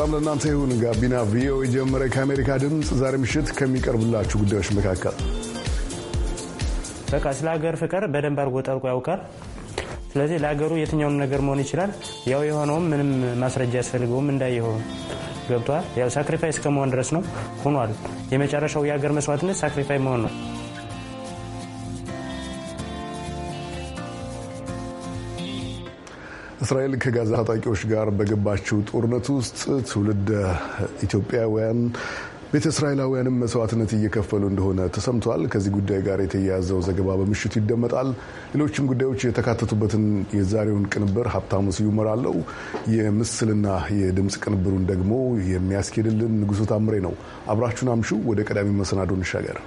ሰላም ለእናንተ ይሁን። ጋቢና ቪኦኤ የጀመረ ከአሜሪካ ድምፅ ዛሬ ምሽት ከሚቀርቡላችሁ ጉዳዮች መካከል በቃ ስለ ሀገር ፍቅር በደንብ አድርጎ ጠልቆ ያውቃል። ስለዚህ ለሀገሩ የትኛውም ነገር መሆን ይችላል። ያው የሆነውም ምንም ማስረጃ ያስፈልገውም እንዳይሆን ገብቷል። ያው ሳክሪፋይስ ከመሆን ድረስ ነው ሆኗል። የመጨረሻው የሀገር መስዋዕትነት ሳክሪፋይ መሆን ነው። እስራኤል ከጋዛ ታጣቂዎች ጋር በገባችው ጦርነት ውስጥ ትውልድ ኢትዮጵያውያን ቤተ እስራኤላውያንም መስዋዕትነት እየከፈሉ እንደሆነ ተሰምቷል። ከዚህ ጉዳይ ጋር የተያያዘው ዘገባ በምሽቱ ይደመጣል። ሌሎችም ጉዳዮች የተካተቱበትን የዛሬውን ቅንብር ሀብታሙ ስዩም እመራለሁ። የምስልና የድምፅ ቅንብሩን ደግሞ የሚያስኬድልን ንጉሱ ታምሬ ነው። አብራችሁን አምሹ። ወደ ቀዳሚ መሰናዶ እንሻገር።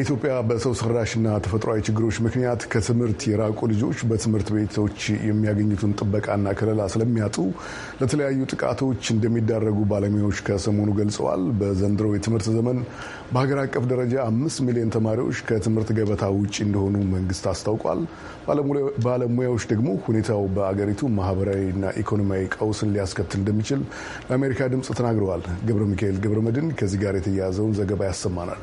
በኢትዮጵያ በሰው ሰራሽና ተፈጥሯዊ ችግሮች ምክንያት ከትምህርት የራቁ ልጆች በትምህርት ቤቶች የሚያገኙትን ጥበቃና ከለላ ስለሚያጡ ለተለያዩ ጥቃቶች እንደሚዳረጉ ባለሙያዎች ከሰሞኑ ገልጸዋል። በዘንድሮው የትምህርት ዘመን በሀገር አቀፍ ደረጃ አምስት ሚሊዮን ተማሪዎች ከትምህርት ገበታ ውጭ እንደሆኑ መንግስት አስታውቋል። ባለሙያዎች ደግሞ ሁኔታው በአገሪቱ ማህበራዊና ኢኮኖሚያዊ ቀውስን ሊያስከትል እንደሚችል ለአሜሪካ ድምፅ ተናግረዋል። ገብረ ሚካኤል ገብረ መድን ከዚህ ጋር የተያያዘውን ዘገባ ያሰማናል።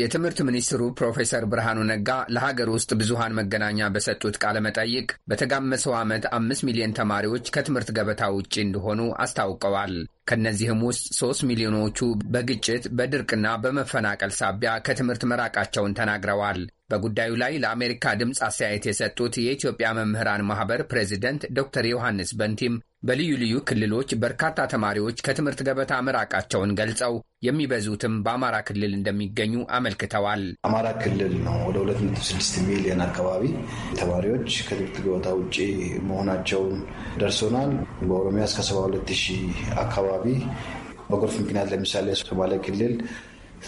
የትምህርት ሚኒስትሩ ፕሮፌሰር ብርሃኑ ነጋ ለሀገር ውስጥ ብዙሃን መገናኛ በሰጡት ቃለ መጠይቅ በተጋመሰው ዓመት አምስት ሚሊዮን ተማሪዎች ከትምህርት ገበታ ውጪ እንደሆኑ አስታውቀዋል። ከእነዚህም ውስጥ ሶስት ሚሊዮኖቹ በግጭት በድርቅና በመፈናቀል ሳቢያ ከትምህርት መራቃቸውን ተናግረዋል። በጉዳዩ ላይ ለአሜሪካ ድምፅ አስተያየት የሰጡት የኢትዮጵያ መምህራን ማህበር ፕሬዚደንት ዶክተር ዮሐንስ በንቲም በልዩ ልዩ ክልሎች በርካታ ተማሪዎች ከትምህርት ገበታ መራቃቸውን ገልጸው የሚበዙትም በአማራ ክልል እንደሚገኙ አመልክተዋል። አማራ ክልል ነው ወደ 26 ሚሊዮን አካባቢ ተማሪዎች ከትምህርት ገበታ ውጭ መሆናቸውን ደርሶናል። በኦሮሚያ እስከ 72 ሺህ አካባቢ በጎርፍ ምክንያት ለምሳሌ ሶማሌ ክልል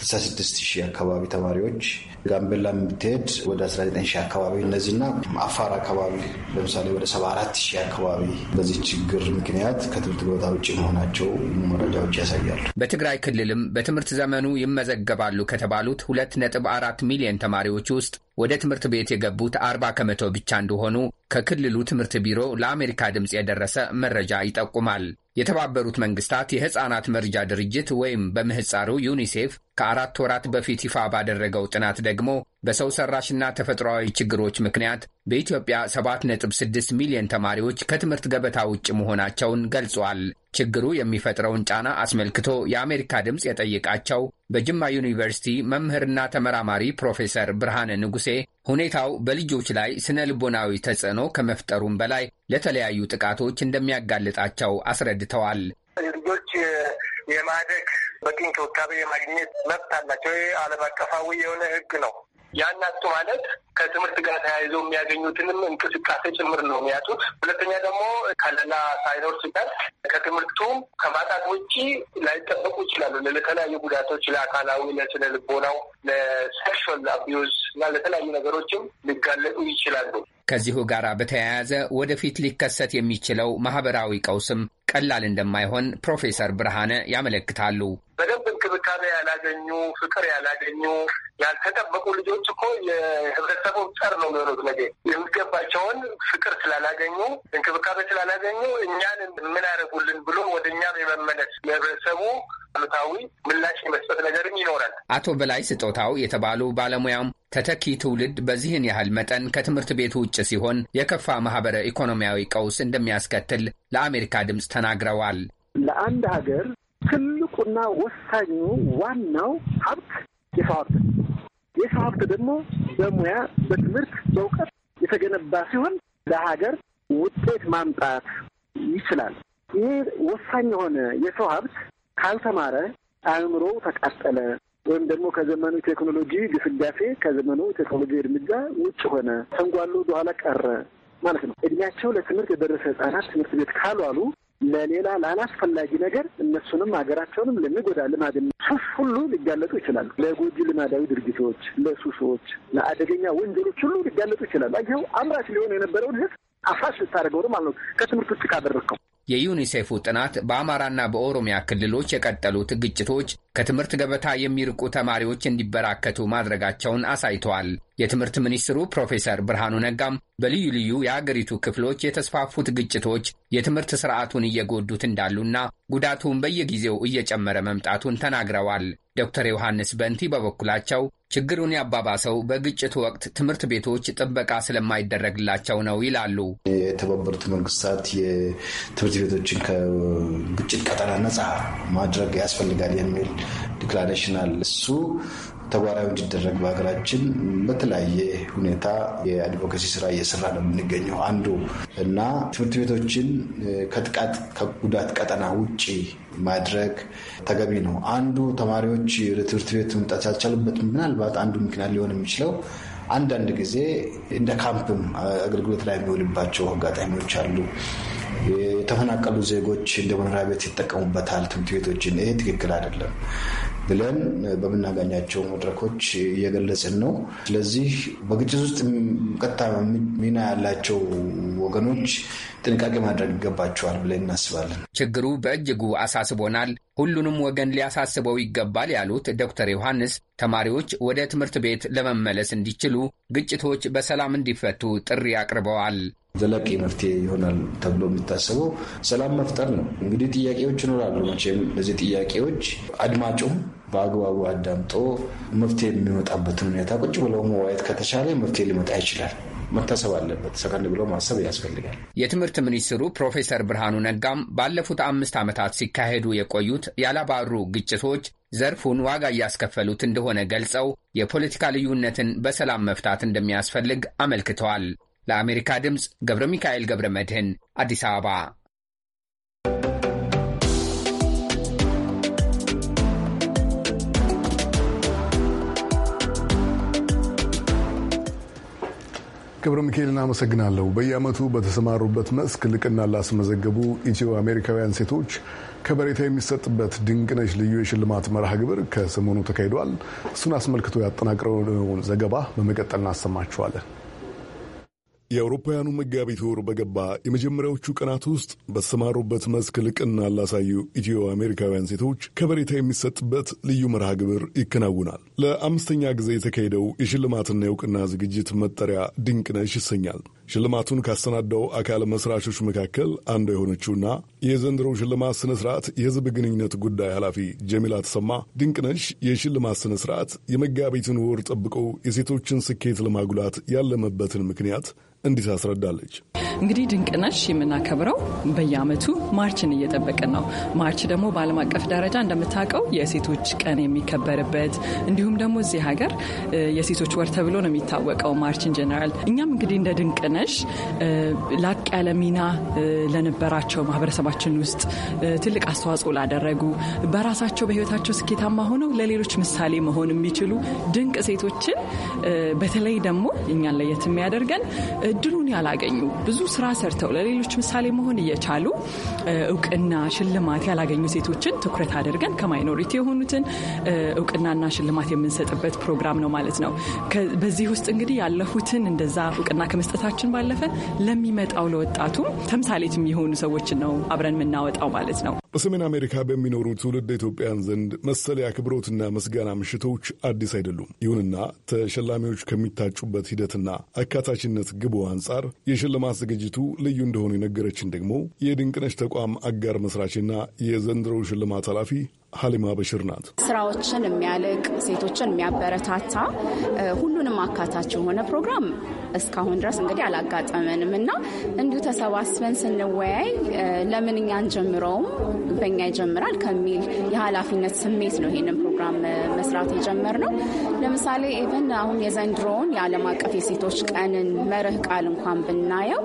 66 ሺህ አካባቢ ተማሪዎች፣ ጋምቤላ ምትሄድ ወደ 19 ሺህ አካባቢ እነዚህና አፋር አካባቢ ለምሳሌ ወደ 74 ሺህ አካባቢ በዚህ ችግር ምክንያት ከትምህርት ገበታ ውጭ መሆናቸው መረጃዎች ያሳያሉ። በትግራይ ክልልም በትምህርት ዘመኑ ይመዘገባሉ ከተባሉት 2.4 ሚሊዮን ተማሪዎች ውስጥ ወደ ትምህርት ቤት የገቡት አርባ ከመቶ ብቻ እንደሆኑ ከክልሉ ትምህርት ቢሮ ለአሜሪካ ድምፅ የደረሰ መረጃ ይጠቁማል። የተባበሩት መንግስታት የሕፃናት መርጃ ድርጅት ወይም በምህፃሩ ዩኒሴፍ ከአራት ወራት በፊት ይፋ ባደረገው ጥናት ደግሞ በሰው ሰራሽና ተፈጥሯዊ ችግሮች ምክንያት በኢትዮጵያ 7.6 ሚሊዮን ተማሪዎች ከትምህርት ገበታ ውጭ መሆናቸውን ገልጿል። ችግሩ የሚፈጥረውን ጫና አስመልክቶ የአሜሪካ ድምፅ የጠየቃቸው በጅማ ዩኒቨርሲቲ መምህርና ተመራማሪ ፕሮፌሰር ብርሃነ ንጉሴ ሁኔታው በልጆች ላይ ስነ ልቦናዊ ተጽዕኖ ከመፍጠሩም በላይ ለተለያዩ ጥቃቶች እንደሚያጋልጣቸው አስረድተዋል። ልጆች የማደግ በቂ እንክብካቤ የማግኘት መብት አላቸው። ይህ ዓለም አቀፋዊ የሆነ ሕግ ነው። ያናቱ ማለት ከትምህርት ጋር ተያይዘው የሚያገኙትንም እንቅስቃሴ ጭምር ነው የሚያጡት። ሁለተኛ ደግሞ ከለላ ሳይኖር ሲቀር ከትምህርቱም ከማጣት ውጭ ላይጠበቁ ይችላሉ ለተለያዩ ጉዳቶች፣ ለአካላዊ፣ ለስነ ልቦናው፣ ለሴክሹዋል አቢዩዝ እና ለተለያዩ ነገሮችም ሊጋለጡ ይችላሉ። ከዚሁ ጋር በተያያዘ ወደፊት ሊከሰት የሚችለው ማህበራዊ ቀውስም ቀላል እንደማይሆን ፕሮፌሰር ብርሃነ ያመለክታሉ። በደንብ እንክብካቤ ያላገኙ፣ ፍቅር ያላገኙ፣ ያልተጠበቁ ልጆች እኮ የህብረተሰቡ ጸር ነው የሚሆኑት ነገ። የሚገባቸውን ፍቅር ስላላገኙ፣ እንክብካቤ ስላላገኙ እኛን ምን ያደርጉልን ብሎ ወደ እኛም የመመለስ ለህብረተሰቡ አሉታዊ ምላሽ የመስጠት ነገርም ይኖራል። አቶ በላይ ስጦታው የተባሉ ባለሙያም ተተኪ ትውልድ በዚህን ያህል መጠን ከትምህርት ቤቱ ውጭ ሲሆን የከፋ ማህበረ ኢኮኖሚያዊ ቀውስ እንደሚያስከትል ለአሜሪካ ድምፅ ተናግረዋል። ለአንድ ሀገር ትልቁና ወሳኙ ዋናው ሀብት የሰው ሀብት ነው። የሰው ሀብት ደግሞ በሙያ፣ በትምህርት፣ በእውቀት የተገነባ ሲሆን ለሀገር ውጤት ማምጣት ይችላል። ይህ ወሳኝ የሆነ የሰው ሀብት ካልተማረ አእምሮ ተቃጠለ ወይም ደግሞ ከዘመኑ ቴክኖሎጂ ግስጋሴ ከዘመኑ ቴክኖሎጂ እርምጃ ውጭ ሆነ፣ ተንጓሉ፣ ወደኋላ ቀረ ማለት ነው። እድሜያቸው ለትምህርት የደረሰ ህጻናት ትምህርት ቤት ካልዋሉ ለሌላ ላላስፈላጊ ነገር እነሱንም ሀገራቸውንም ለሚጎዳ ልማድ ሱስ ሁሉ ሊጋለጡ ይችላሉ። ለጎጂ ልማዳዊ ድርጊቶች፣ ለሱሶች፣ ለአደገኛ ወንጀሎች ሁሉ ሊጋለጡ ይችላሉ። አየኸው አምራች ሊሆን የነበረውን ህዝብ አፍራሽ ልታደርገው ማለት ነው። ከትምህርት ውጭ ካደረግከው የዩኒሴፉ ጥናት በአማራና በኦሮሚያ ክልሎች የቀጠሉት ግጭቶች ከትምህርት ገበታ የሚርቁ ተማሪዎች እንዲበራከቱ ማድረጋቸውን አሳይተዋል። የትምህርት ሚኒስትሩ ፕሮፌሰር ብርሃኑ ነጋም በልዩ ልዩ የአገሪቱ ክፍሎች የተስፋፉት ግጭቶች የትምህርት ስርዓቱን እየጎዱት እንዳሉና ጉዳቱን በየጊዜው እየጨመረ መምጣቱን ተናግረዋል። ዶክተር ዮሐንስ በንቲ በበኩላቸው ችግሩን ያባባሰው በግጭቱ ወቅት ትምህርት ቤቶች ጥበቃ ስለማይደረግላቸው ነው ይላሉ። የተባበሩት መንግስታት የትምህርት ቤቶችን ከግጭት ቀጠና ነጻ ማድረግ ያስፈልጋል የሚል ዲክላሬሽን አለ። እሱ ተግባራዊ እንዲደረግ በሀገራችን በተለያየ ሁኔታ የአድቮኬሲ ስራ እየሰራ ነው የምንገኘው አንዱ እና ትምህርት ቤቶችን ከጥቃት ከጉዳት ቀጠና ውጭ ማድረግ ተገቢ ነው። አንዱ ተማሪዎች ወደ ትምህርት ቤት መምጣት ያልቻሉበት ምናልባት አንዱ ምክንያት ሊሆን የሚችለው አንዳንድ ጊዜ እንደ ካምፕም አገልግሎት ላይ የሚውልባቸው አጋጣሚዎች አሉ። የተፈናቀሉ ዜጎች እንደ መኖሪያ ቤት ይጠቀሙበታል ትምህርት ቤቶችን። ይሄ ትክክል አይደለም። ብለን በምናገኛቸው መድረኮች እየገለጽን ነው። ስለዚህ በግጭት ውስጥ ቀጥታ ሚና ያላቸው ወገኖች ጥንቃቄ ማድረግ ይገባቸዋል ብለን እናስባለን። ችግሩ በእጅጉ አሳስቦናል፣ ሁሉንም ወገን ሊያሳስበው ይገባል ያሉት ዶክተር ዮሐንስ ተማሪዎች ወደ ትምህርት ቤት ለመመለስ እንዲችሉ ግጭቶች በሰላም እንዲፈቱ ጥሪ አቅርበዋል። ዘላቂ መፍትሄ ይሆናል ተብሎ የሚታሰበው ሰላም መፍጠር ነው። እንግዲህ ጥያቄዎች ይኖራሉ። መቼም እነዚህ ጥያቄዎች አድማጩም በአግባቡ አዳምጦ መፍትሄ የሚመጣበትን ሁኔታ ቁጭ ብለው መዋየት ከተቻለ መፍትሄ ሊመጣ ይችላል። መታሰብ አለበት። ሰከንድ ብሎ ማሰብ ያስፈልጋል። የትምህርት ሚኒስትሩ ፕሮፌሰር ብርሃኑ ነጋም ባለፉት አምስት ዓመታት ሲካሄዱ የቆዩት ያላባሩ ግጭቶች ዘርፉን ዋጋ እያስከፈሉት እንደሆነ ገልጸው የፖለቲካ ልዩነትን በሰላም መፍታት እንደሚያስፈልግ አመልክተዋል። ለአሜሪካ ድምፅ ገብረ ሚካኤል ገብረ መድህን አዲስ አበባ። ገብረ ሚካኤል እናመሰግናለሁ። በየዓመቱ በተሰማሩበት መስክ ልቅና ላስመዘገቡ ኢትዮ አሜሪካውያን ሴቶች ከበሬታ የሚሰጥበት ድንቅነሽ ልዩ የሽልማት መርሃ ግብር ከሰሞኑ ተካሂዷል። እሱን አስመልክቶ ያጠናቅረውን ዘገባ በመቀጠል እናሰማችኋለን። የአውሮፓውያኑ መጋቢት ወር በገባ የመጀመሪያዎቹ ቀናት ውስጥ በተሰማሩበት መስክ ልቅና ላሳዩ ኢትዮ አሜሪካውያን ሴቶች ከበሬታ የሚሰጥበት ልዩ መርሃ ግብር ይከናውናል። ለአምስተኛ ጊዜ የተካሄደው የሽልማትና የእውቅና ዝግጅት መጠሪያ ድንቅነሽ ይሰኛል። ሽልማቱን ካሰናዳው አካል መስራቾች መካከል አንዱ የሆነችውና የዘንድሮው ሽልማት ስነ ስርዓት የህዝብ ግንኙነት ጉዳይ ኃላፊ ጀሚላ ተሰማ ድንቅነሽ የሽልማት ስነ ስርዓት የመጋቢትን ወር ጠብቆ የሴቶችን ስኬት ለማጉላት ያለመበትን ምክንያት እንዲህ ታስረዳለች። እንግዲህ ድንቅነሽ የምናከብረው በየአመቱ ማርችን እየጠበቅን ነው። ማርች ደግሞ በዓለም አቀፍ ደረጃ እንደምታውቀው የሴቶች ቀን የሚከበርበት እንዲሁም ደግሞ እዚህ ሀገር የሴቶች ወር ተብሎ ነው የሚታወቀው ማርችን ጀነራል። እኛም እንግዲህ እንደ ድንቅ ነሽ ላቅ ያለ ሚና ለነበራቸው ማህበረሰባችን ውስጥ ትልቅ አስተዋጽኦ ላደረጉ በራሳቸው በህይወታቸው ስኬታማ ሆነው ለሌሎች ምሳሌ መሆን የሚችሉ ድንቅ ሴቶችን በተለይ ደግሞ እኛን ለየት የሚያደርገን እድሉን ያላገኙ ብዙ ስራ ሰርተው ለሌሎች ምሳሌ መሆን እየቻሉ እውቅና ሽልማት ያላገኙ ሴቶችን ትኩረት አድርገን ከማይኖሪቲ የሆኑትን እውቅናና ሽልማት የምንሰጥበት ፕሮግራም ነው ማለት ነው። በዚህ ውስጥ እንግዲህ ያለፉትን እንደዛ እውቅና ከመስጠታችን ከማድረጋችን ባለፈ ለሚመጣው ለወጣቱም ተምሳሌት የሚሆኑ ሰዎችን ነው አብረን የምናወጣው ማለት ነው። በሰሜን አሜሪካ በሚኖሩ ትውልድ ኢትዮጵያን ዘንድ መሰል የአክብሮትና ምስጋና ምሽቶች አዲስ አይደሉም። ይሁንና ተሸላሚዎች ከሚታጩበት ሂደትና አካታችነት ግቡ አንጻር የሽልማት ዝግጅቱ ልዩ እንደሆኑ የነገረችን ደግሞ የድንቅነሽ ተቋም አጋር መስራችና የዘንድሮው ሽልማት ኃላፊ ሀሊማ በሽር ናት። ስራዎችን የሚያልቅ ሴቶችን የሚያበረታታ ሁሉንም አካታች የሆነ ፕሮግራም እስካሁን ድረስ እንግዲህ አላጋጠመንም እና እንዲሁ ተሰባስበን ስንወያይ ለምን እኛን ጀምረውም በኛ ይጀምራል ከሚል የኃላፊነት ስሜት ነው ይህንን ፕሮግራም መስራት የጀመርነው። ለምሳሌ ኢቨን አሁን የዘንድሮውን የዓለም አቀፍ የሴቶች ቀንን መርህ ቃል እንኳን ብናየው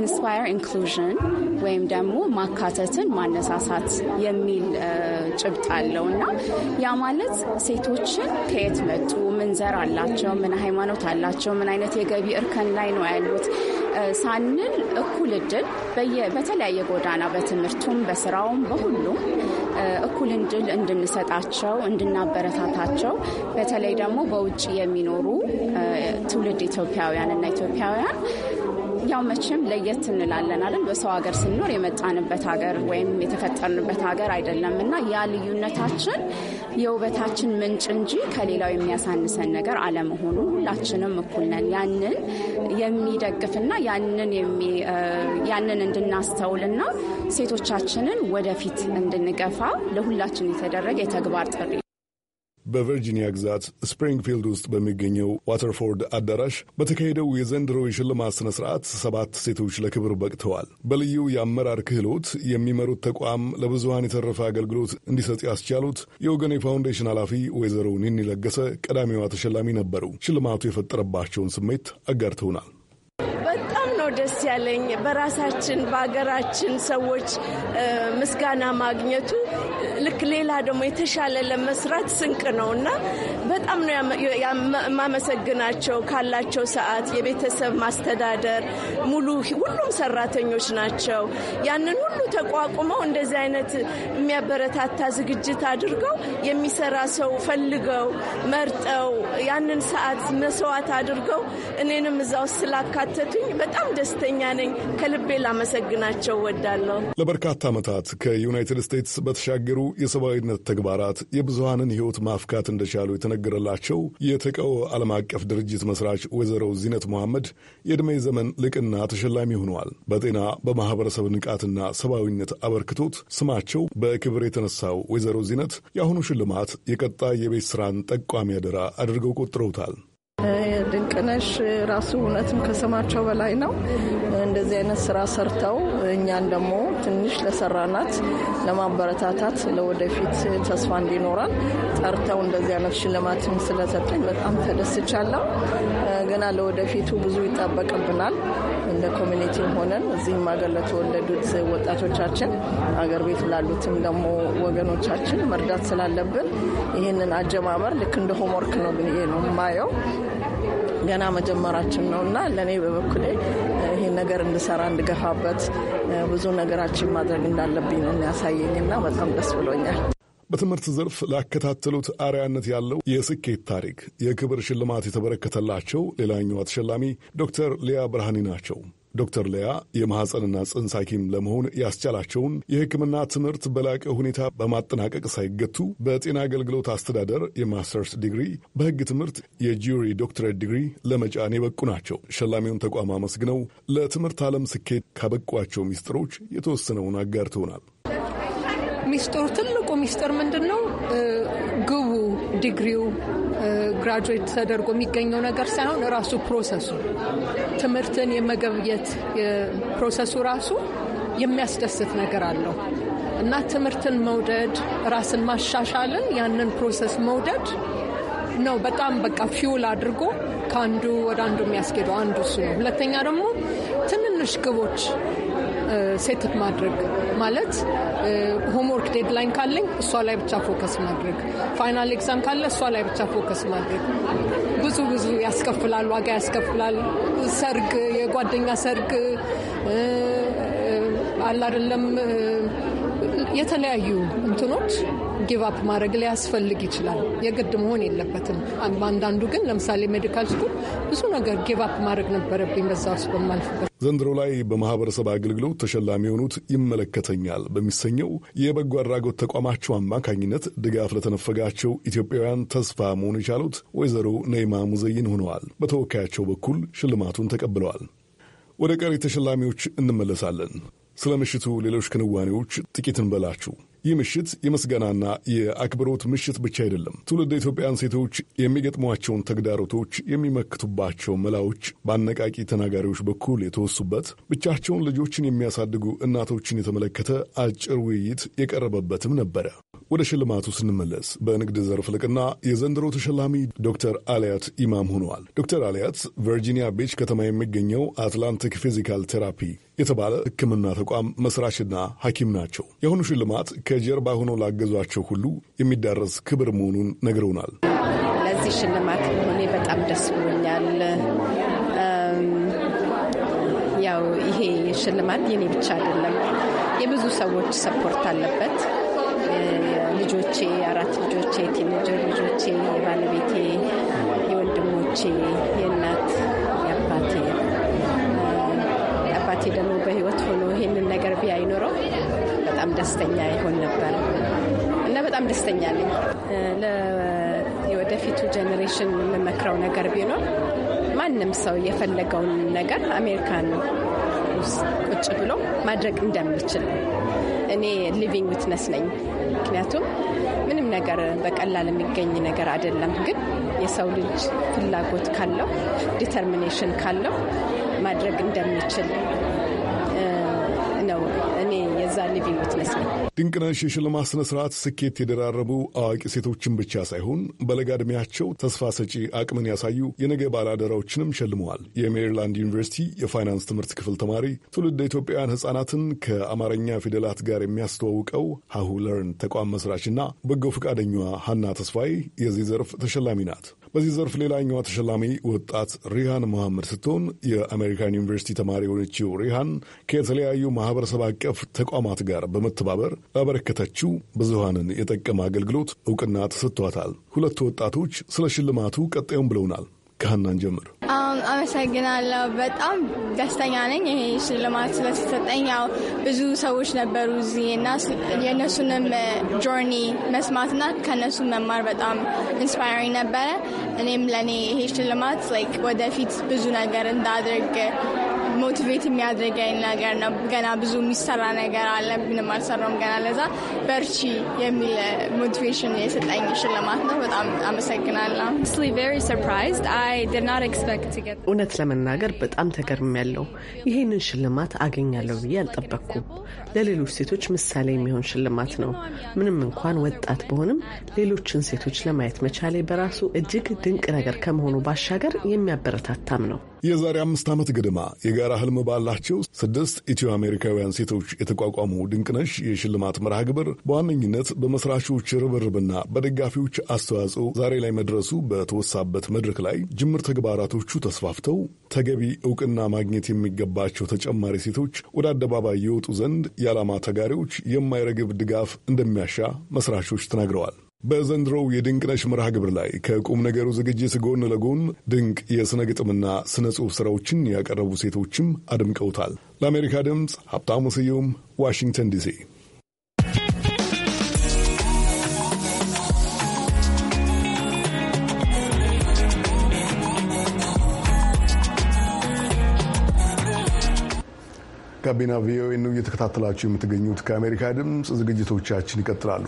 ኢንስፓየር ኢንክሉዥን ወይም ደግሞ ማካተትን ማነሳሳት የሚል ጭብጥ አለው እና ያ ማለት ሴቶችን ከየት መጡ፣ ምን ዘር አላቸው፣ ምን ሃይማኖት አላቸው፣ ምን አይነት የገቢ እርከን ላይ ነው ያሉት ሳንል እኩል እድል በተለያየ ጎዳና በትምህርቱም በስራውም በሁሉም እኩል እድል እንድንሰጣቸው እንድናበረታታቸው በተለይ ደግሞ በውጭ የሚኖሩ ትውልድ ኢትዮጵያውያን እና ኢትዮጵያውያን ያው መቼም ለየት እንላለን አይደል? በሰው ሀገር ስንኖር የመጣንበት ሀገር ወይም የተፈጠርንበት ሀገር አይደለም እና ያ ልዩነታችን የውበታችን ምንጭ እንጂ ከሌላው የሚያሳንሰን ነገር አለመሆኑ ሁላችንም እኩል ነን። ያንን የሚደግፍና ያንን ያንን እንድናስተውልና ሴቶቻችንን ወደፊት እንድንገፋ ለሁላችን የተደረገ የተግባር ጥሪ በቨርጂኒያ ግዛት ስፕሪንግፊልድ ውስጥ በሚገኘው ዋተርፎርድ አዳራሽ በተካሄደው የዘንድሮ የሽልማት ስነ ስርዓት ሰባት ሴቶች ለክብር በቅተዋል። በልዩ የአመራር ክህሎት የሚመሩት ተቋም ለብዙሀን የተረፈ አገልግሎት እንዲሰጥ ያስቻሉት የወገኔ ፋውንዴሽን ኃላፊ ወይዘሮ ኒኒ ለገሰ ቀዳሚዋ ተሸላሚ ነበሩ። ሽልማቱ የፈጠረባቸውን ስሜት አጋርተውናል። ነው ደስ ያለኝ። በራሳችን በሀገራችን ሰዎች ምስጋና ማግኘቱ ልክ ሌላ ደግሞ የተሻለ ለመስራት ስንቅ ነው እና በጣም ነው የማመሰግናቸው። ካላቸው ሰዓት የቤተሰብ ማስተዳደር ሙሉ ሁሉም ሰራተኞች ናቸው። ያንን ሁሉ ተቋቁመው እንደዚህ አይነት የሚያበረታታ ዝግጅት አድርገው የሚሰራ ሰው ፈልገው መርጠው ያንን ሰዓት መስዋዕት አድርገው እኔንም እዛ ውስጥ ስላካተቱኝ በጣም ደስተኛ ነኝ። ከልቤ ላመሰግናቸው ወዳለሁ። ለበርካታ ዓመታት ከዩናይትድ ስቴትስ በተሻገሩ የሰብአዊነት ተግባራት የብዙሃንን ሕይወት ማፍካት እንደቻሉ የተነገረላቸው የተቀው ዓለም አቀፍ ድርጅት መስራች ወይዘሮ ዚነት መሐመድ የዕድሜ ዘመን ልቅና ተሸላሚ ሆነዋል። በጤና በማህበረሰብ ንቃትና ሰብአዊነት አበርክቶት ስማቸው በክብር የተነሳው ወይዘሮ ዚነት የአሁኑ ሽልማት የቀጣይ የቤት ስራን ጠቋሚ አደራ አድርገው ቆጥረውታል። ድንቅነሽ ራሱ እውነትም ከሰማቸው በላይ ነው። እንደዚህ አይነት ስራ ሰርተው እኛን ደግሞ ትንሽ ለሰራናት ለማበረታታት ለወደፊት ተስፋ እንዲኖራል ጠርተው እንደዚህ አይነት ሽልማትም ስለሰጠኝ በጣም ተደስቻለሁ። ገና ለወደፊቱ ብዙ ይጠበቅብናል። እንደ ኮሚኒቲም ሆነን እዚህም ሀገር ለተወለዱት ወጣቶቻችን አገር ቤት ላሉትም ደግሞ ወገኖቻችን መርዳት ስላለብን ይህንን አጀማመር ልክ እንደ ሆምወርክ ነው ብዬ ነው ማየው። ገና መጀመራችን ነው እና ለእኔ በበኩሌ ይህን ነገር እንድሰራ እንድገፋበት ብዙ ነገራችን ማድረግ እንዳለብኝ ነው ያሳየኝ እና በጣም ደስ ብሎኛል። በትምህርት ዘርፍ ላከታተሉት አርያነት ያለው የስኬት ታሪክ የክብር ሽልማት የተበረከተላቸው ሌላኛዋ ተሸላሚ ዶክተር ሊያ ብርሃኔ ናቸው። ዶክተር ሊያ የማኅፀንና ጽንስ ሐኪም ለመሆን ያስቻላቸውን የሕክምና ትምህርት በላቀ ሁኔታ በማጠናቀቅ ሳይገቱ በጤና አገልግሎት አስተዳደር የማስተርስ ዲግሪ፣ በሕግ ትምህርት የጂሪ ዶክትሬት ዲግሪ ለመጫን የበቁ ናቸው። ሸላሚውን ተቋም አመስግነው ለትምህርት ዓለም ስኬት ካበቋቸው ሚስጥሮች የተወሰነውን አጋርተውናል። ሚስጥሩ ትልቁ ሚስጥር ምንድን ነው? ግቡ ዲግሪው ግራጁዌት ተደርጎ የሚገኘው ነገር ሳይሆን ራሱ ፕሮሰሱ ትምህርትን የመገብየት ፕሮሰሱ ራሱ የሚያስደስት ነገር አለው እና ትምህርትን መውደድ ራስን ማሻሻልን ያንን ፕሮሰስ መውደድ ነው በጣም በቃ ፊውል አድርጎ ከአንዱ ወደ አንዱ የሚያስኬደው አንዱ እሱ ነው። ሁለተኛ ደግሞ ትንንሽ ግቦች ሴት ማድረግ ማለት ሆምወርክ ዴድላይን ካለኝ እሷ ላይ ብቻ ፎከስ ማድረግ፣ ፋይናል ኤግዛም ካለ እሷ ላይ ብቻ ፎከስ ማድረግ ብዙ ብዙ ያስከፍላል፣ ዋጋ ያስከፍላል። ሰርግ፣ የጓደኛ ሰርግ አላደለም የተለያዩ እንትኖች ጊቫፕ ማድረግ ሊያስፈልግ ይችላል። የግድ መሆን የለበትም። አንዳንዱ ግን ለምሳሌ ሜዲካል ስኩል ብዙ ነገር ጊቫፕ ማድረግ ነበረብኝ በዛ ውስጥ በማልፍበት። ዘንድሮ ላይ በማህበረሰብ አገልግሎት ተሸላሚ የሆኑት ይመለከተኛል በሚሰኘው የበጎ አድራጎት ተቋማቸው አማካኝነት ድጋፍ ለተነፈጋቸው ኢትዮጵያውያን ተስፋ መሆን የቻሉት ወይዘሮ ነይማ ሙዘይን ሆነዋል። በተወካያቸው በኩል ሽልማቱን ተቀብለዋል። ወደ ቀሪ ተሸላሚዎች እንመለሳለን። ስለ ምሽቱ ሌሎች ክንዋኔዎች ጥቂት እንበላችሁ። ይህ ምሽት የምስጋናና የአክብሮት ምሽት ብቻ አይደለም። ትውልድ ኢትዮጵያን ሴቶች የሚገጥሟቸውን ተግዳሮቶች የሚመክቱባቸው መላዎች በአነቃቂ ተናጋሪዎች በኩል የተወሱበት፣ ብቻቸውን ልጆችን የሚያሳድጉ እናቶችን የተመለከተ አጭር ውይይት የቀረበበትም ነበረ። ወደ ሽልማቱ ስንመለስ በንግድ ዘርፍ ልቅና የዘንድሮ ተሸላሚ ዶክተር አልያት ኢማም ሆነዋል። ዶክተር አልያት ቨርጂኒያ ቤች ከተማ የሚገኘው አትላንቲክ ፊዚካል ቴራፒ የተባለ ሕክምና ተቋም መስራችና ሐኪም ናቸው። የአሁኑ ሽልማት ከጀርባ ሆኖ ላገዟቸው ሁሉ የሚዳረስ ክብር መሆኑን ነግረውናል። ለዚህ ሽልማት መሆኔ በጣም ደስ ብሎኛል። ያው ይሄ ሽልማት የኔ ብቻ አይደለም፣ የብዙ ሰዎች ሰፖርት አለበት። ልጆቼ፣ አራት ልጆቼ፣ ቲኔጀር ልጆቼ፣ የባለቤቴ፣ የወንድሞቼ፣ የእናት አይኖረው በጣም ደስተኛ ይሆን ነበር እና በጣም ደስተኛ ነኝ። ለወደፊቱ ጀኔሬሽን የምመክረው ነገር ቢኖር ማንም ሰው የፈለገውን ነገር አሜሪካን ውስጥ ቁጭ ብሎ ማድረግ እንደሚችል እኔ ሊቪንግ ዊትነስ ነኝ። ምክንያቱም ምንም ነገር በቀላል የሚገኝ ነገር አይደለም። ግን የሰው ልጅ ፍላጎት ካለው ዲተርሚኔሽን ካለው ማድረግ እንደሚችል እንደዛ ልቪ የምትመስለኝ። ድንቅነሽ የሽልማት ስነ ስርዓት ስኬት የደራረቡ አዋቂ ሴቶችን ብቻ ሳይሆን በለጋ እድሜያቸው ተስፋ ሰጪ አቅምን ያሳዩ የነገ ባለአደራዎችንም ሸልመዋል። የሜሪላንድ ዩኒቨርሲቲ የፋይናንስ ትምህርት ክፍል ተማሪ ትውልድ ኢትዮጵያውያን ህጻናትን ከአማርኛ ፊደላት ጋር የሚያስተዋውቀው ሀሁ ለርን ተቋም መስራችና በጎ ፈቃደኛዋ ሀና ተስፋዬ የዚህ ዘርፍ ተሸላሚ ናት። በዚህ ዘርፍ ሌላኛዋ ተሸላሚ ወጣት ሪሃን መሐመድ ስትሆን የአሜሪካን ዩኒቨርሲቲ ተማሪ የሆነችው ሪሃን ከተለያዩ ማህበረሰብ አቀፍ ተቋማት ጋር በመተባበር ያበረከተችው ብዙሃንን የጠቀመ አገልግሎት እውቅና ተሰጥቷታል። ሁለቱ ወጣቶች ስለ ሽልማቱ ቀጣዩን ብለውናል። ከሀናን ጀምር። አመሰግናለሁ። በጣም ደስተኛ ነኝ ይሄ ሽልማት ስለተሰጠኝ። ያው ብዙ ሰዎች ነበሩ እዚህ እና የእነሱንም ጆርኒ መስማትና ከእነሱ መማር በጣም ኢንስፓይሪንግ ነበረ። እኔም ለእኔ ይሄ ሽልማት ወደፊት ብዙ ነገር እንዳድርግ ሞቲቬት የሚያደርገኝ ነገር ነው። ገና ብዙ የሚሰራ ነገር አለ፣ ምንም አልሰራውም ገና። ለዛ በርቺ የሚል ሞቲቬሽን የሰጠኝ ሽልማት ነው። በጣም አመሰግናለሁ። እውነት ለመናገር በጣም ያለው ይህንን ሽልማት አገኛለሁ ብዬ አልጠበቅኩም። ለሌሎች ሴቶች ምሳሌ የሚሆን ሽልማት ነው። ምንም እንኳን ወጣት በሆንም ሌሎችን ሴቶች ለማየት መቻሌ በራሱ እጅግ ድንቅ ነገር ከመሆኑ ባሻገር የሚያበረታታም ነው። የዛሬ አምስት ዓመት ገደማ የጋራ ህልም ባላቸው ስድስት ኢትዮ አሜሪካውያን ሴቶች የተቋቋሙ ድንቅነሽ የሽልማት መርሃ ግብር በዋነኝነት በመስራቾች ርብርብና በደጋፊዎች አስተዋጽኦ ዛሬ ላይ መድረሱ በተወሳበት መድረክ ላይ ጅምር ተግባራቶቹ ተስፋፍተው ተገቢ እውቅና ማግኘት የሚገባቸው ተጨማሪ ሴቶች ወደ አደባባይ የወጡ ዘንድ የዓላማ ተጋሪዎች የማይረግብ ድጋፍ እንደሚያሻ መስራቾች ተናግረዋል። በዘንድሮው የድንቅነሽ መርሃ ግብር ላይ ከቁም ነገሩ ዝግጅት ጎን ለጎን ድንቅ የሥነ ግጥምና ሥነ ጽሑፍ ሥራዎችን ያቀረቡ ሴቶችም አድምቀውታል። ለአሜሪካ ድምፅ ሀብታሙ ስዩም ዋሽንግተን ዲሲ። ጋቢና ቪኦኤ ነው እየተከታተላችሁ የምትገኙት። ከአሜሪካ ድምፅ ዝግጅቶቻችን ይቀጥላሉ።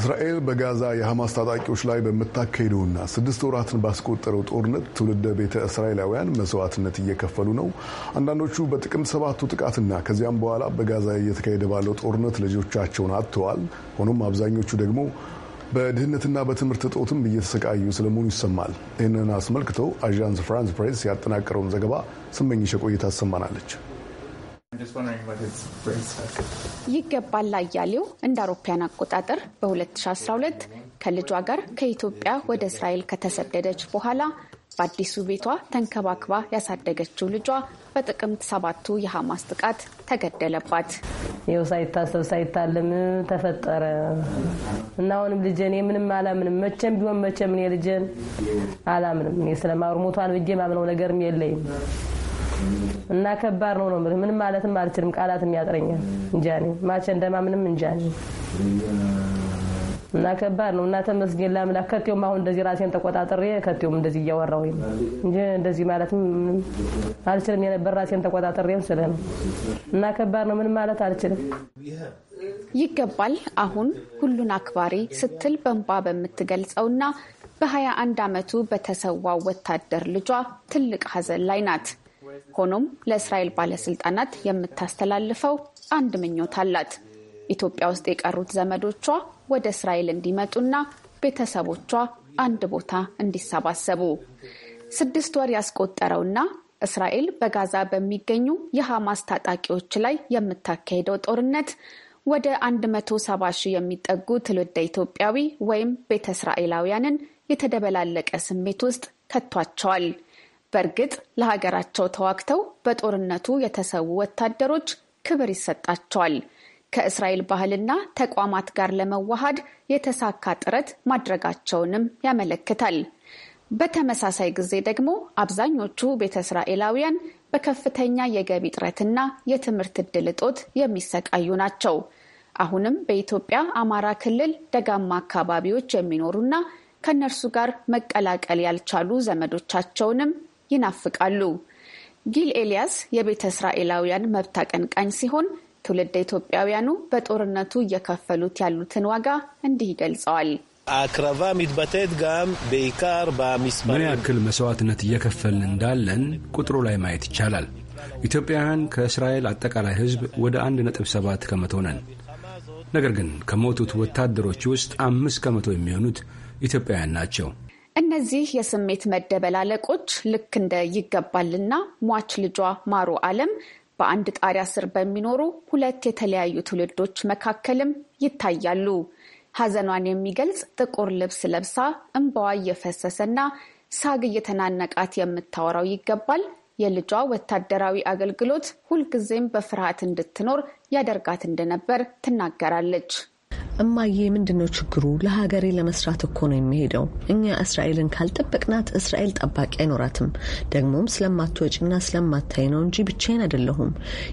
እስራኤል በጋዛ የሐማስ ታጣቂዎች ላይ በምታካሄደውና ስድስት ወራትን ባስቆጠረው ጦርነት ትውልደ ቤተ እስራኤላውያን መስዋዕትነት እየከፈሉ ነው። አንዳንዶቹ በጥቅምት ሰባቱ ጥቃትና ከዚያም በኋላ በጋዛ እየተካሄደ ባለው ጦርነት ልጆቻቸውን አጥተዋል። ሆኖም አብዛኞቹ ደግሞ በድህነትና በትምህርት እጦትም እየተሰቃዩ ስለመሆኑ ይሰማል። ይህንን አስመልክቶ አዣንስ ፍራንስ ፕሬስ ያጠናቀረውን ዘገባ ስመኝሸ ቆይታ አሰማናለች። ይገባል አያሌው እንደ አውሮፓያን አቆጣጠር በ2012 ከልጇ ጋር ከኢትዮጵያ ወደ እስራኤል ከተሰደደች በኋላ በአዲሱ ቤቷ ተንከባክባ ያሳደገችው ልጇ በጥቅምት ሰባቱ የሐማስ ጥቃት ተገደለባት። ይኸው ሳይታሰብ ሳይታለም ተፈጠረ እና አሁንም ልጄ ምንም አላምንም። መቼም ቢሆን መቼም እኔ ልጄን አላምንም። እኔ ስለማርሞቷን ብዬ ማምነው ነገርም የለኝም። እና ከባድ ነው ነው ምንም ማለትም አልችልም። ቃላትም ያጥረኛል። እንጃ ማቸ እንደማ ምንም እንጃ እና ከባድ ነው እና ተመስገን ለአምላክ ከቴውም አሁን እንደዚህ ራሴን ተቆጣጥሬ ከቴውም እንደዚህ እያወራሁ ወይም እንጂ እንደዚህ ማለት አልችልም የነበር ራሴን ተቆጣጥሬም ስለ ነው እና ከባድ ነው ምንም ማለት አልችልም። ይገባል አሁን ሁሉን አክባሪ ስትል በንባ በምትገልጸውና በ21 ዓመቱ በተሰዋው ወታደር ልጇ ትልቅ ሀዘን ላይ ናት። ሆኖም ለእስራኤል ባለስልጣናት የምታስተላልፈው አንድ ምኞት አላት። ኢትዮጵያ ውስጥ የቀሩት ዘመዶቿ ወደ እስራኤል እንዲመጡና ቤተሰቦቿ አንድ ቦታ እንዲሰባሰቡ ስድስት ወር ያስቆጠረውና እስራኤል በጋዛ በሚገኙ የሐማስ ታጣቂዎች ላይ የምታካሄደው ጦርነት ወደ 170 ሺህ የሚጠጉ ትውልደ ኢትዮጵያዊ ወይም ቤተ እስራኤላውያንን የተደበላለቀ ስሜት ውስጥ ከቷቸዋል። በእርግጥ ለሀገራቸው ተዋግተው በጦርነቱ የተሰዉ ወታደሮች ክብር ይሰጣቸዋል። ከእስራኤል ባህልና ተቋማት ጋር ለመዋሃድ የተሳካ ጥረት ማድረጋቸውንም ያመለክታል። በተመሳሳይ ጊዜ ደግሞ አብዛኞቹ ቤተ እስራኤላውያን በከፍተኛ የገቢ እጥረትና የትምህርት እድል እጦት የሚሰቃዩ ናቸው። አሁንም በኢትዮጵያ አማራ ክልል ደጋማ አካባቢዎች የሚኖሩና ከእነርሱ ጋር መቀላቀል ያልቻሉ ዘመዶቻቸውንም ይናፍቃሉ። ጊል ኤልያስ የቤተ እስራኤላውያን መብት አቀንቃኝ ሲሆን ትውልደ ኢትዮጵያውያኑ በጦርነቱ እየከፈሉት ያሉትን ዋጋ እንዲህ ይገልጸዋል። አክረቫ ሚትበቴት ጋም በይካር ምን ያክል መስዋዕትነት እየከፈልን እንዳለን ቁጥሩ ላይ ማየት ይቻላል። ኢትዮጵያውያን ከእስራኤል አጠቃላይ ሕዝብ ወደ 1.7 ከመቶ ነን። ነገር ግን ከሞቱት ወታደሮች ውስጥ አምስት ከመቶ የሚሆኑት ኢትዮጵያውያን ናቸው። እነዚህ የስሜት መደበላለቆች ልክ እንደ ይገባልና ሟች ልጇ ማሩ አለም በአንድ ጣሪያ ስር በሚኖሩ ሁለት የተለያዩ ትውልዶች መካከልም ይታያሉ። ሐዘኗን የሚገልጽ ጥቁር ልብስ ለብሳ እንባዋ እየፈሰሰና ሳግ እየተናነቃት የምታወራው ይገባል የልጇ ወታደራዊ አገልግሎት ሁልጊዜም በፍርሃት እንድትኖር ያደርጋት እንደነበር ትናገራለች። እማዬ ምንድነው ችግሩ? ለሀገሬ ለመስራት እኮ ነው የሚሄደው። እኛ እስራኤልን ካልጠበቅናት እስራኤል ጠባቂ አይኖራትም። ደግሞም ስለማትወጪና ስለማታይ ነው እንጂ ብቻዬን አይደለሁም።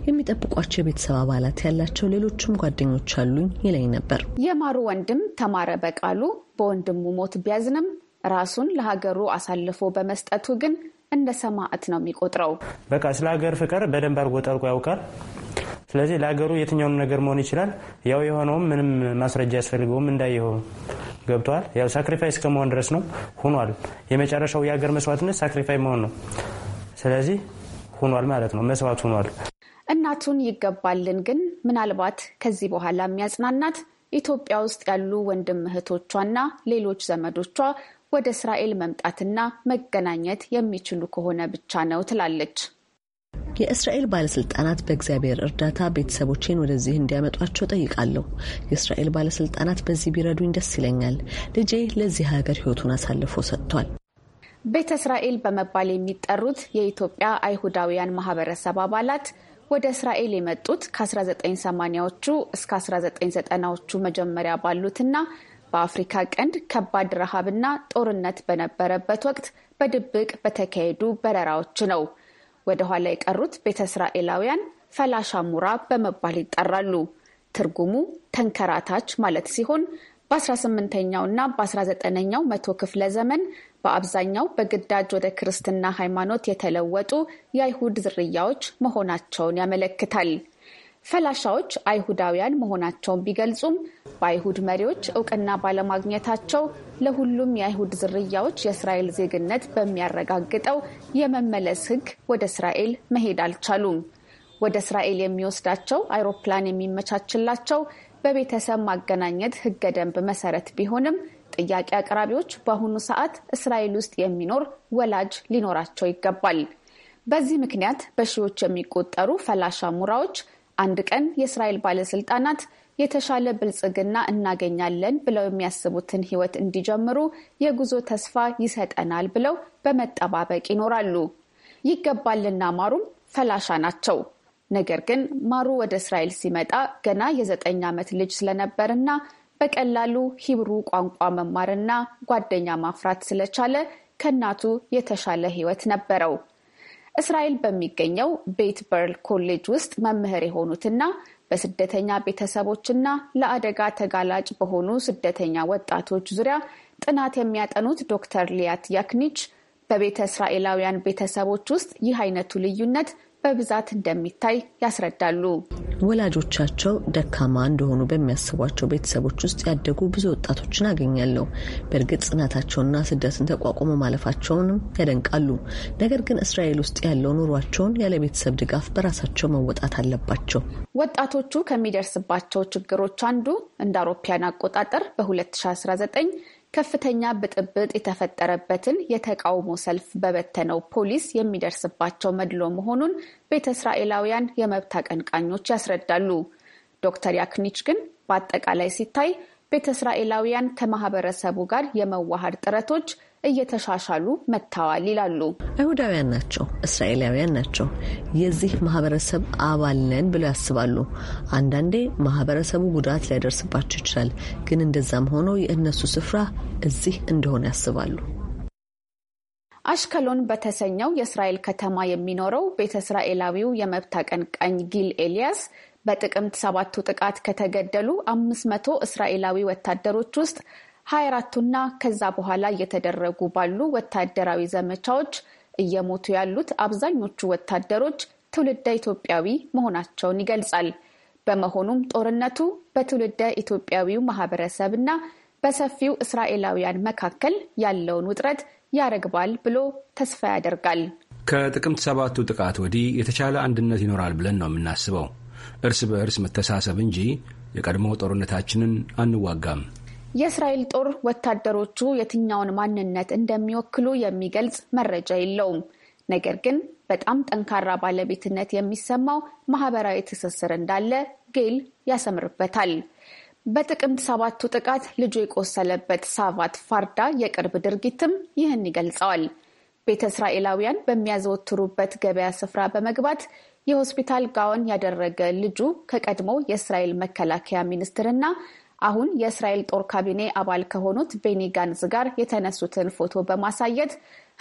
የሚጠብቋቸው የቤተሰብ አባላት ያላቸው ሌሎችም ጓደኞች አሉኝ ይለኝ ነበር። የማሩ ወንድም ተማረ በቃሉ በወንድሙ ሞት ቢያዝንም ራሱን ለሀገሩ አሳልፎ በመስጠቱ ግን እንደ ሰማዕት ነው የሚቆጥረው። በቃ ስለ ሀገር ፍቅር በደንብ አርጎ ጠልቆ ያውቃል። ስለዚህ ለሀገሩ የትኛውም ነገር መሆን ይችላል። ያው የሆነውም ምንም ማስረጃ ያስፈልገውም እንዳየው ገብተዋል። ያው ሳክሪፋይስ ከመሆን ድረስ ነው ሁኗል። የመጨረሻው የሀገር መስዋዕትነት ሳክሪፋይ መሆን ነው። ስለዚህ ሁኗል ማለት ነው፣ መስዋዕት ሁኗል። እናቱን ይገባልን ግን ምናልባት ከዚህ በኋላ የሚያጽናናት ኢትዮጵያ ውስጥ ያሉ ወንድም እህቶቿና ሌሎች ዘመዶቿ ወደ እስራኤል መምጣትና መገናኘት የሚችሉ ከሆነ ብቻ ነው ትላለች። የእስራኤል ባለስልጣናት በእግዚአብሔር እርዳታ ቤተሰቦቼን ወደዚህ እንዲያመጧቸው ጠይቃለሁ። የእስራኤል ባለስልጣናት በዚህ ቢረዱኝ ደስ ይለኛል። ልጄ ለዚህ ሀገር ህይወቱን አሳልፎ ሰጥቷል። ቤተ እስራኤል በመባል የሚጠሩት የኢትዮጵያ አይሁዳውያን ማህበረሰብ አባላት ወደ እስራኤል የመጡት ከ1980ዎቹ እስከ 1990ዎቹ መጀመሪያ ባሉትና በአፍሪካ ቀንድ ከባድ ረሃብና ጦርነት በነበረበት ወቅት በድብቅ በተካሄዱ በረራዎች ነው። ወደ ኋላ የቀሩት ቤተ እስራኤላውያን ፈላሻ ሙራ በመባል ይጠራሉ። ትርጉሙ ተንከራታች ማለት ሲሆን በ18ኛው እና በ19ኛው መቶ ክፍለ ዘመን በአብዛኛው በግዳጅ ወደ ክርስትና ሃይማኖት የተለወጡ የአይሁድ ዝርያዎች መሆናቸውን ያመለክታል። ፈላሻዎች አይሁዳውያን መሆናቸውን ቢገልጹም በአይሁድ መሪዎች እውቅና ባለማግኘታቸው ለሁሉም የአይሁድ ዝርያዎች የእስራኤል ዜግነት በሚያረጋግጠው የመመለስ ሕግ ወደ እስራኤል መሄድ አልቻሉም። ወደ እስራኤል የሚወስዳቸው አይሮፕላን የሚመቻችላቸው በቤተሰብ ማገናኘት ሕገ ደንብ መሰረት ቢሆንም ጥያቄ አቅራቢዎች በአሁኑ ሰዓት እስራኤል ውስጥ የሚኖር ወላጅ ሊኖራቸው ይገባል። በዚህ ምክንያት በሺዎች የሚቆጠሩ ፈላሻ ሙራዎች አንድ ቀን የእስራኤል ባለስልጣናት የተሻለ ብልጽግና እናገኛለን ብለው የሚያስቡትን ህይወት እንዲጀምሩ የጉዞ ተስፋ ይሰጠናል ብለው በመጠባበቅ ይኖራሉ። ይገባልና ማሩም ፈላሻ ናቸው። ነገር ግን ማሩ ወደ እስራኤል ሲመጣ ገና የዘጠኝ ዓመት ልጅ ስለነበርና በቀላሉ ሂብሩ ቋንቋ መማርና ጓደኛ ማፍራት ስለቻለ ከእናቱ የተሻለ ህይወት ነበረው። እስራኤል በሚገኘው ቤት በርል ኮሌጅ ውስጥ መምህር የሆኑትና በስደተኛ ቤተሰቦችና ለአደጋ ተጋላጭ በሆኑ ስደተኛ ወጣቶች ዙሪያ ጥናት የሚያጠኑት ዶክተር ሊያት ያክኒች በቤተ እስራኤላውያን ቤተሰቦች ውስጥ ይህ አይነቱ ልዩነት በብዛት እንደሚታይ ያስረዳሉ። ወላጆቻቸው ደካማ እንደሆኑ በሚያስቧቸው ቤተሰቦች ውስጥ ያደጉ ብዙ ወጣቶችን አገኛለሁ። በእርግጥ ጽናታቸውና ስደትን ተቋቁሞ ማለፋቸውንም ያደንቃሉ። ነገር ግን እስራኤል ውስጥ ያለው ኑሯቸውን ያለ ቤተሰብ ድጋፍ በራሳቸው መወጣት አለባቸው። ወጣቶቹ ከሚደርስባቸው ችግሮች አንዱ እንደ አውሮፓያን አቆጣጠር በ2019 ከፍተኛ ብጥብጥ የተፈጠረበትን የተቃውሞ ሰልፍ በበተነው ፖሊስ የሚደርስባቸው መድሎ መሆኑን ቤተ እስራኤላውያን የመብት አቀንቃኞች ያስረዳሉ። ዶክተር ያክኒች ግን በአጠቃላይ ሲታይ ቤተ እስራኤላውያን ከማህበረሰቡ ጋር የመዋሃድ ጥረቶች እየተሻሻሉ መጥተዋል ይላሉ። አይሁዳውያን ናቸው፣ እስራኤላውያን ናቸው። የዚህ ማህበረሰብ አባል ነን ብለው ያስባሉ። አንዳንዴ ማህበረሰቡ ጉዳት ሊያደርስባቸው ይችላል፣ ግን እንደዛም ሆኖ የእነሱ ስፍራ እዚህ እንደሆነ ያስባሉ። አሽከሎን በተሰኘው የእስራኤል ከተማ የሚኖረው ቤተ እስራኤላዊው የመብት አቀንቃኝ ጊል ኤልያስ በጥቅምት ሰባቱ ጥቃት ከተገደሉ አምስት መቶ እስራኤላዊ ወታደሮች ውስጥ ሀያ አራቱና ከዛ በኋላ እየተደረጉ ባሉ ወታደራዊ ዘመቻዎች እየሞቱ ያሉት አብዛኞቹ ወታደሮች ትውልደ ኢትዮጵያዊ መሆናቸውን ይገልጻል። በመሆኑም ጦርነቱ በትውልደ ኢትዮጵያዊው ማህበረሰብ እና በሰፊው እስራኤላውያን መካከል ያለውን ውጥረት ያረግባል ብሎ ተስፋ ያደርጋል። ከጥቅምት ሰባቱ ጥቃት ወዲህ የተሻለ አንድነት ይኖራል ብለን ነው የምናስበው። እርስ በእርስ መተሳሰብ እንጂ የቀድሞ ጦርነታችንን አንዋጋም። የእስራኤል ጦር ወታደሮቹ የትኛውን ማንነት እንደሚወክሉ የሚገልጽ መረጃ የለውም። ነገር ግን በጣም ጠንካራ ባለቤትነት የሚሰማው ማህበራዊ ትስስር እንዳለ ጌል ያሰምርበታል። በጥቅምት ሰባቱ ጥቃት ልጁ የቆሰለበት ሳቫት ፋርዳ የቅርብ ድርጊትም ይህን ይገልጸዋል። ቤተ እስራኤላውያን በሚያዘወትሩበት ገበያ ስፍራ በመግባት የሆስፒታል ጋውን ያደረገ ልጁ ከቀድሞ የእስራኤል መከላከያ ሚኒስትርና አሁን የእስራኤል ጦር ካቢኔ አባል ከሆኑት ቤኒ ጋንዝ ጋር የተነሱትን ፎቶ በማሳየት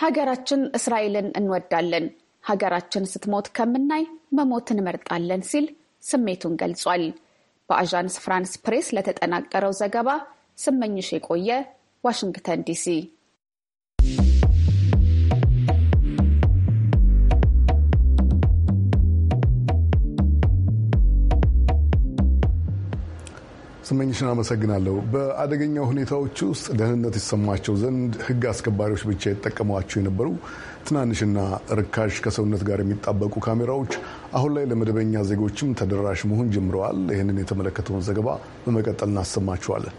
ሀገራችን እስራኤልን እንወዳለን፣ ሀገራችን ስትሞት ከምናይ መሞት እንመርጣለን ሲል ስሜቱን ገልጿል። በአዣንስ ፍራንስ ፕሬስ ለተጠናቀረው ዘገባ ስመኝሽ የቆየ ዋሽንግተን ዲሲ ስመኝሽን አመሰግናለሁ። በአደገኛ ሁኔታዎች ውስጥ ደህንነት ይሰማቸው ዘንድ ህግ አስከባሪዎች ብቻ ይጠቀሟቸው የነበሩ ትናንሽና ርካሽ ከሰውነት ጋር የሚጣበቁ ካሜራዎች አሁን ላይ ለመደበኛ ዜጎችም ተደራሽ መሆን ጀምረዋል። ይህንን የተመለከተውን ዘገባ በመቀጠል እናሰማችኋለን።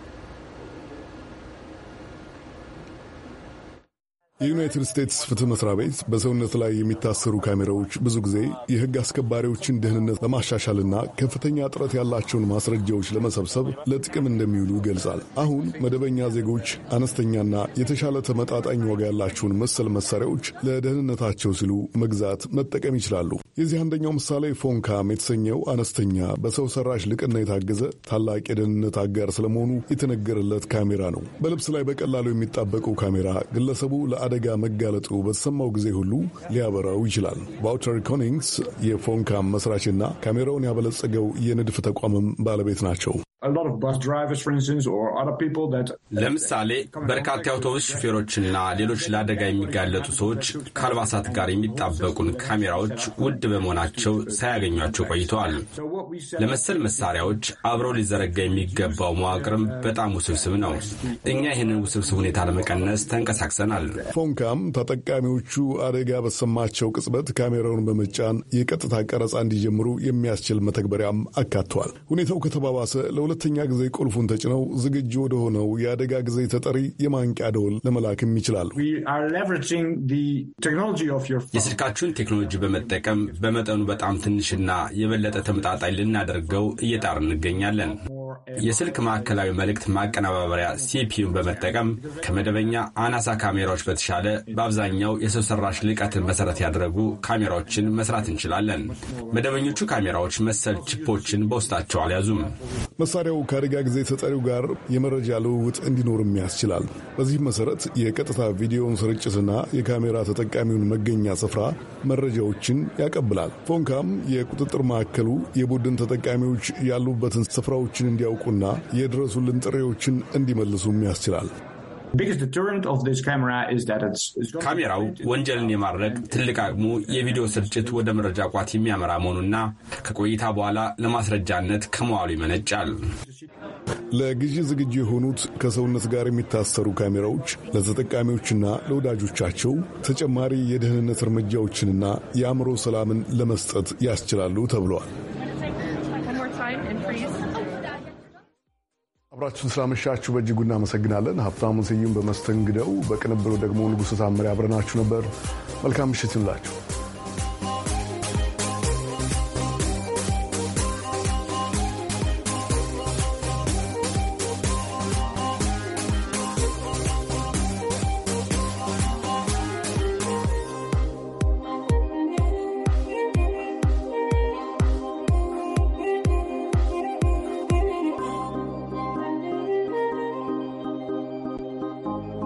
የዩናይትድ ስቴትስ ፍትህ መስሪያ ቤት በሰውነት ላይ የሚታሰሩ ካሜራዎች ብዙ ጊዜ የህግ አስከባሪዎችን ደህንነት ለማሻሻልና ከፍተኛ ጥረት ያላቸውን ማስረጃዎች ለመሰብሰብ ለጥቅም እንደሚውሉ ይገልጻል። አሁን መደበኛ ዜጎች አነስተኛና የተሻለ ተመጣጣኝ ዋጋ ያላቸውን መሰል መሳሪያዎች ለደህንነታቸው ሲሉ መግዛት፣ መጠቀም ይችላሉ። የዚህ አንደኛው ምሳሌ ፎንካም የተሰኘው አነስተኛ በሰው ሰራሽ ልቅና የታገዘ ታላቅ የደህንነት አጋር ስለመሆኑ የተነገረለት ካሜራ ነው። በልብስ ላይ በቀላሉ የሚጣበቀው ካሜራ ግለሰቡ ለ አደጋ መጋለጡ በተሰማው ጊዜ ሁሉ ሊያበራው ይችላል። ቫውተር ኮኒንግስ የፎንካም መስራችና ካሜራውን ያበለጸገው የንድፍ ተቋምም ባለቤት ናቸው። Uh, ለምሳሌ በርካታ የአውቶቡስ ሹፌሮችና ሌሎች ለአደጋ የሚጋለጡ ሰዎች ከአልባሳት ጋር የሚጣበቁን ካሜራዎች ውድ በመሆናቸው ሳያገኟቸው ቆይተዋል። ለመሰል መሳሪያዎች አብረው ሊዘረጋ የሚገባው መዋቅርም በጣም ውስብስብ ነው። እኛ ይህንን ውስብስብ ሁኔታ ለመቀነስ ተንቀሳቅሰናል። ፎንካም ተጠቃሚዎቹ አደጋ በሰማቸው ቅጽበት ካሜራውን በመጫን የቀጥታ ቀረጻ እንዲጀምሩ የሚያስችል መተግበሪያም አካቷል። ሁኔታው ከተባባሰ ለሁለተኛ ጊዜ ቁልፉን ተጭነው ዝግጁ ወደሆነው የአደጋ ጊዜ ተጠሪ የማንቂያ ደወል ለመላክም ይችላሉ። የስልካችሁን ቴክኖሎጂ በመጠቀም በመጠኑ በጣም ትንሽና የበለጠ ተመጣጣኝ ልናደርገው እየጣር እንገኛለን። የስልክ ማዕከላዊ መልእክት ማቀነባበሪያ ሲፒዩን በመጠቀም ከመደበኛ አናሳ ካሜራዎች በተሻለ በአብዛኛው የሰው ሰራሽ ልቀትን መሰረት ያደረጉ ካሜራዎችን መስራት እንችላለን። መደበኞቹ ካሜራዎች መሰል ቺፖችን በውስጣቸው አልያዙም። መሳሪያው ከአደጋ ጊዜ ተጠሪው ጋር የመረጃ ልውውጥ እንዲኖርም ያስችላል። በዚህ መሰረት የቀጥታ ቪዲዮን ስርጭትና የካሜራ ተጠቃሚውን መገኛ ስፍራ መረጃዎችን ያቀብላል። ፎንካም የቁጥጥር ማዕከሉ የቡድን ተጠቃሚዎች ያሉበትን ስፍራዎችን እንዲ እንዲያውቁና የድረሱልን ጥሪዎችን እንዲመልሱም ያስችላል። ካሜራው ወንጀልን የማድረግ ትልቅ አቅሙ የቪዲዮ ስርጭት ወደ መረጃ ቋት የሚያመራ መሆኑና ከቆይታ በኋላ ለማስረጃነት ከመዋሉ ይመነጫል። ለግዢ ዝግጁ የሆኑት ከሰውነት ጋር የሚታሰሩ ካሜራዎች ለተጠቃሚዎችና ለወዳጆቻቸው ተጨማሪ የደህንነት እርምጃዎችንና የአእምሮ ሰላምን ለመስጠት ያስችላሉ ተብለዋል። አብራችሁን ስላመሻችሁ በእጅጉ እናመሰግናለን። ሀብታሙ ስዩም በመስተንግደው፣ በቅንብሩ ደግሞ ንጉሥ ታምሬ አብረናችሁ ነበር። መልካም ምሽት ይሁንላችሁ።